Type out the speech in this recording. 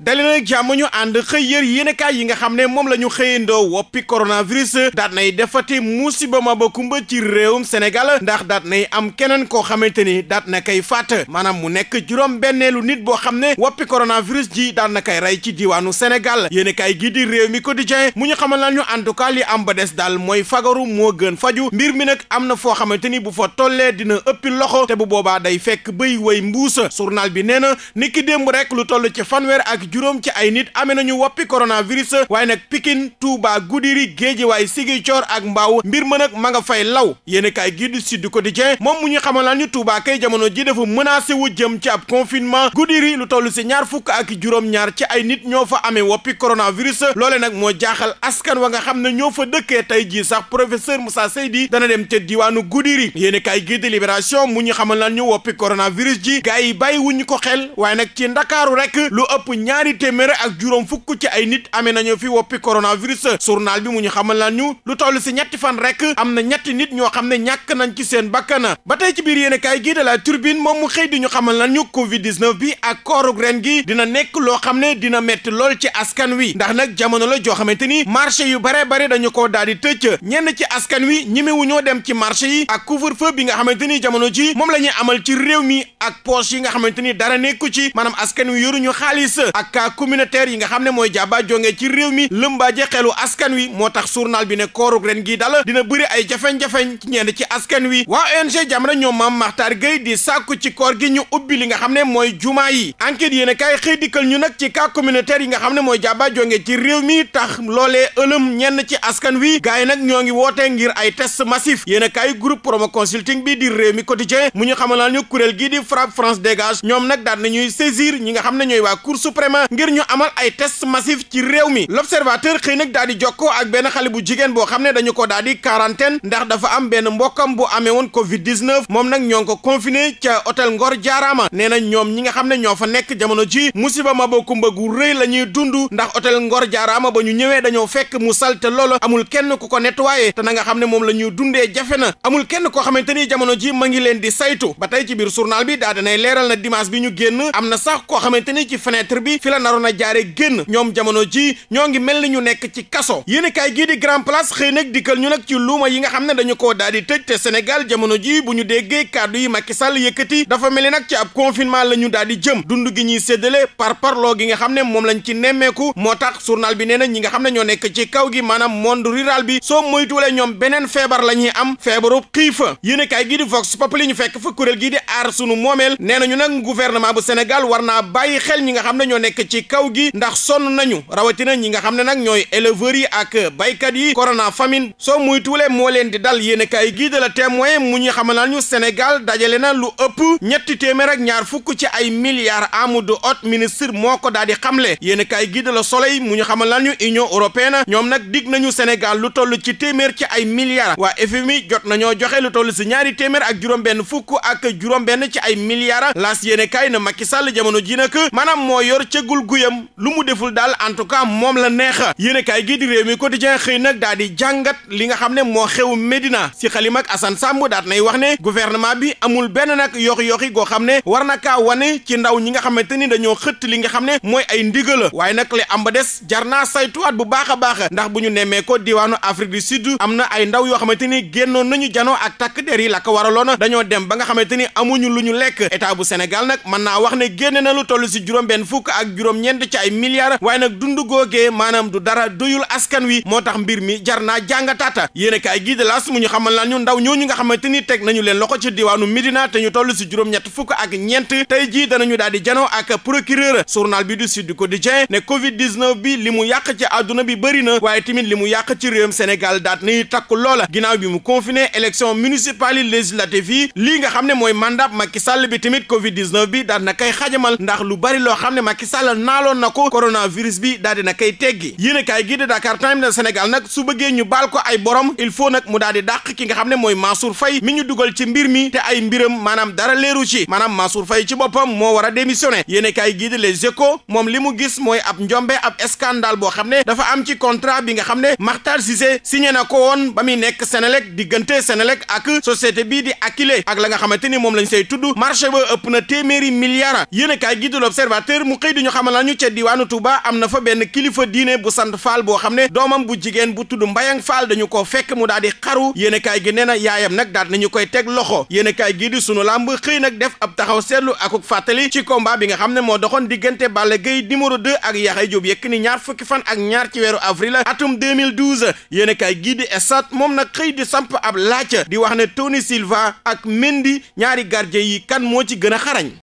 dali nag jàmm ñu ànd xëy yër yéenekaay yi nga xam ne moom la ñu xëyandoo woppi coronavirus daat nay defati musiba ma ba kumba ci réewum Sénégal ndax daat nay am keneen koo xamante ni daat na koy fàtt maanaam mu nekk juróom benneelu nit boo xam ne woppi coronavirus ji daat na koy rey ci diiwaanu Sénégal yéenekaay gi di réew mi ko quotidien mu ñu xaman la ñu en tout cas li am ba des daal mooy fagaru moo gën faju mbir mi nag am na foo xamante ni bu fa tollee dina ëppi loxo bu boobaa day fekk bëy way mbuusa journal bi nee na niki démb rek lu toll ci fanweer ak juróom ci ay nit amee nañu woppi coronavirus waaye nag Pikine Touba Goudiri Guédiawaye Ziguinchor ak Mbao mbir ma nag ma nga fay law yéen kaay gii ko di Quotidien moom mu ñu xamalaan ñu Touba kay jamono ji dafa menacé wu jëm ci ab confinement Goudiri lu toll si ñaar fukk ak juróom-ñaar ci ay nit ñoo fa amee woppi coronavirus loole nag moo jaaxal askan wa nga xam ne ñoo fa dëkkee tey jii sax professeur Moussa Seydi dana dem ca diwaanu Goudiri yéen kaay gii Libération mu ñu xamalaan ñu woppi coronavirus ji gars yi bàyyi wuñu ko xel waaye nag ci Ndakaaru rek ñaari téeméer ak juróom fukk ci ay nit amee nañu fi woppi coronavirus journal bi mu ñu xamal lan ñu lu toll si ñetti fan rek am na ñetti nit ñoo xam ne ñàkk nañ ci seen bakkan ba tey ci biir yéenekaay gi de La Tribune moom mu xëy di ñu xamal lan ñu Covid 19 bi ak koorug ren gi dina nekk loo xam ne dina metti lool ci askan wi ndax nag jamono la joo xamante ni marché yu bare bare dañu ko daal di tëcc ñenn ci askan wi ñemewu ñoo dem ci marché yi ak couvre-feu bi nga xamante ni jamono ji moom la ñuy amal ci réew mi ak poche yi nga xamante ni dara nekku ci maanaam askan wi yoruñu xaalis ak ak cas yi nga xam ne mooy jàbbaa jonge ci réew mi lëmbaaje xelu askan wi moo tax journal bi ne koorug ren gii dal dina bëri ay jafeñ-jafeñ ci ñenn ci askan wi waa ONG Jamra ñoom ma Makhtar Gueye di sàkku ci koor gi ñu ubbi li nga xam ne mooy jumaa yi enquête yéen a kaay xëy dikkal ñu nag ci cas communautaire yi nga xam ne mooy jàbbaa jonge ci réew mi tax loolee ëlëm ñenn ci askan wi gars yi nag ñoo ngi woote ngir ay test massif yéen a kaay promo consulting bi di réew mi quotidien mu ñu xamal ñu kuréel gii di frappe France ngir ñu amal ay test massif ci réew mi l'observateur xëy nag daal di jokkoo ak benn xale bu jigéen boo xam ne dañu ko daal di quarantaine ndax dafa am benn mbokkam bu amee woon covid 19 moom nag ñoo ko confiné ca hôtel Ngor Jaaraama nee na ñoom ñi nga xam ne ñoo fa nekk jamono ji musiba ma ba kumba gu rëy la ñuy dund ndax otel Ngor Jaaraama ba ñu ñëwee dañoo fekk mu salte loolu amul kenn ku ko nettoyé te na nga xam ne moom la ñuy dundee jafe na amul kenn koo xamante ni jamono ji ma ngi leen di saytu ba tey ci biir journal bi daa danay leeral na dimanche bi ñu génn am na sax koo xamante ni ci fenêtre bi fi la naroon a jaare génn ñoom jamono ji ñoo ngi mel ni ñu nekk ci kaso yéenekaay gii di grand place xëy nag dikkal ñu nag ci luuma yi nga xam ne dañu koo daal di tëj te Sénégal jamono ji bu ñu déggee kàddu yi Macky Sall yëkkati dafa mel ni nag ci ab confinement la ñu daal di jëm dund gi ñuy séddale par parloo gi nga xam ne moom lañ ci nemmeeku moo tax journal bi nee na ñi nga xam ne ñoo nekk ci kaw gi maanaam monde rural bi soo moytuwulee ñoom beneen feebar la ñuy am feebarub xiifa yéenekaay gii di Vox Populi ñu fekk kuréel gii di aar sunu moomeel nee na nag gouvernement bu Sénégal war naa bàyyi xel ñi nga xam ne ñoo nekk nekk ci kaw gi ndax sonn nañu rawatina ñi nga xam ne nag ñooy éleveurs yi ak baykat yi corona famine soo muy tuulee moo leen di dal yéen a kaay gii de la témoin mu ñu xamal ñu Sénégal dajale na lu ëpp ñetti téeméer ak ñaar fukk ci ay milliards Amadou ot ministre moo ko daal di xamle yéen a kaay gii de la Soleil mu ñu xamal ñu Union européenne ñoom nag dig nañu Sénégal lu toll ci téeméer ci ay milliards waa FMI jot nañoo joxe lu toll si ñaari téeméer ak juróom-benn fukk ak juróom-benn ci ay milliards laas yéen a na Macky Sall ji cëggul guyam lu mu deful daal en tout cas moom la neexa yéenekaay gi di réew mi quotidien xëy nag daal di jàngat li nga xam ne moo xew Médina si xalim ak Assane Samb daat nay wax ne gouvernement bi amul benn nag yoxi-yoxi goo xam ne war na kaa wane ci ndaw ñi nga xamante ni dañoo xëtt li nga xam ne mooy ay ndigala waaye nag li am ba des jar naa saytuwaat bu baax a baax ndax bu ñu nemmee ko diwaanu Afrique du Sud am na ay ndaw yoo xamante ni génnoon nañu janoo ak takk der yi la ko waraloon dañoo dem ba nga xamante ni amuñu lu ñu lekk état bu Sénégal nag mën naa wax ne génne na lu toll si juróom benn fukk ak ak juróom-ñeent ci ay milliards waaye nag dund googee maanaam du dara doyul askan wi moo tax mbir mi jar naa jàngataata yéen kaay gii de laas mu ñu xamal la ñu ndaw ñooñu nga xamante ni teg nañu leen loxo ci diwaanu Médina te ñu toll si juróom-ñett fukk ak ñeent tey jii danañu daal di janoo ak procureur journal bi du Sud Quotidien ne Covid 19 bi li mu yàq ci àdduna bi bëri na waaye tamit li mu yàq ci réewum Sénégal daat ni takku loola ginnaaw bi mu confiné élection municipale yi législative yi lii nga xam ne mooy mandat Macky Sall bi tamit Covid 19 bi daat na kay xajamal ndax lu bari loo xam Sall naaloon na ko coronavirus bi daal di na koy teggi yéenekaay gi de Dakar Times na Sénégal nag su bëggee ñu baal ko ay borom il faut nag mu daal di dàq ki nga xam ne mooy Mansour Faye mi ñu dugal ci mbir mi te ay mbiram maanaam dara leeru ci maanaam Mansour Faye ci boppam moo war a démissionné yéenekaay gi de Les Échos moom li mu gis mooy ab njombe ab scandale boo xam ne dafa am ci contrat bi nga xam ne Makhtar Cissé signé na ko woon ba muy nekk Sénélec diggante Sénélec ak société bii di Akilee ak la nga xamante ni moom lañ say tudd marché ba ëpp na téeméeri milliards yéenekaay mu xëy ñu xamal nañu ca diwaanu Touba am na fa benn kilifa diine bu sant Faal boo xam ne doomam bu jigéen bu tudd Mbayang Faal dañu koo fekk mu daal di xaru yéenekaay gi nee na yaayam nag daal nañu koy teg loxo yéenekaay gi di sunu làmb xëy nag def ab taxaw seetlu akuk fàttali ci combat bi nga xam ne moo doxoon diggante Balla Gaye numéro 2 ak Yaxya Jóob Yékini ñaar fukki fan ak ñaar ci weeru avril atum 2012 yéenekaay gi di Esat moom nag xëy di samp ab laaj di wax ne Tony Silva ak Mendy ñaari gardien yi kan moo ci gën a xarañ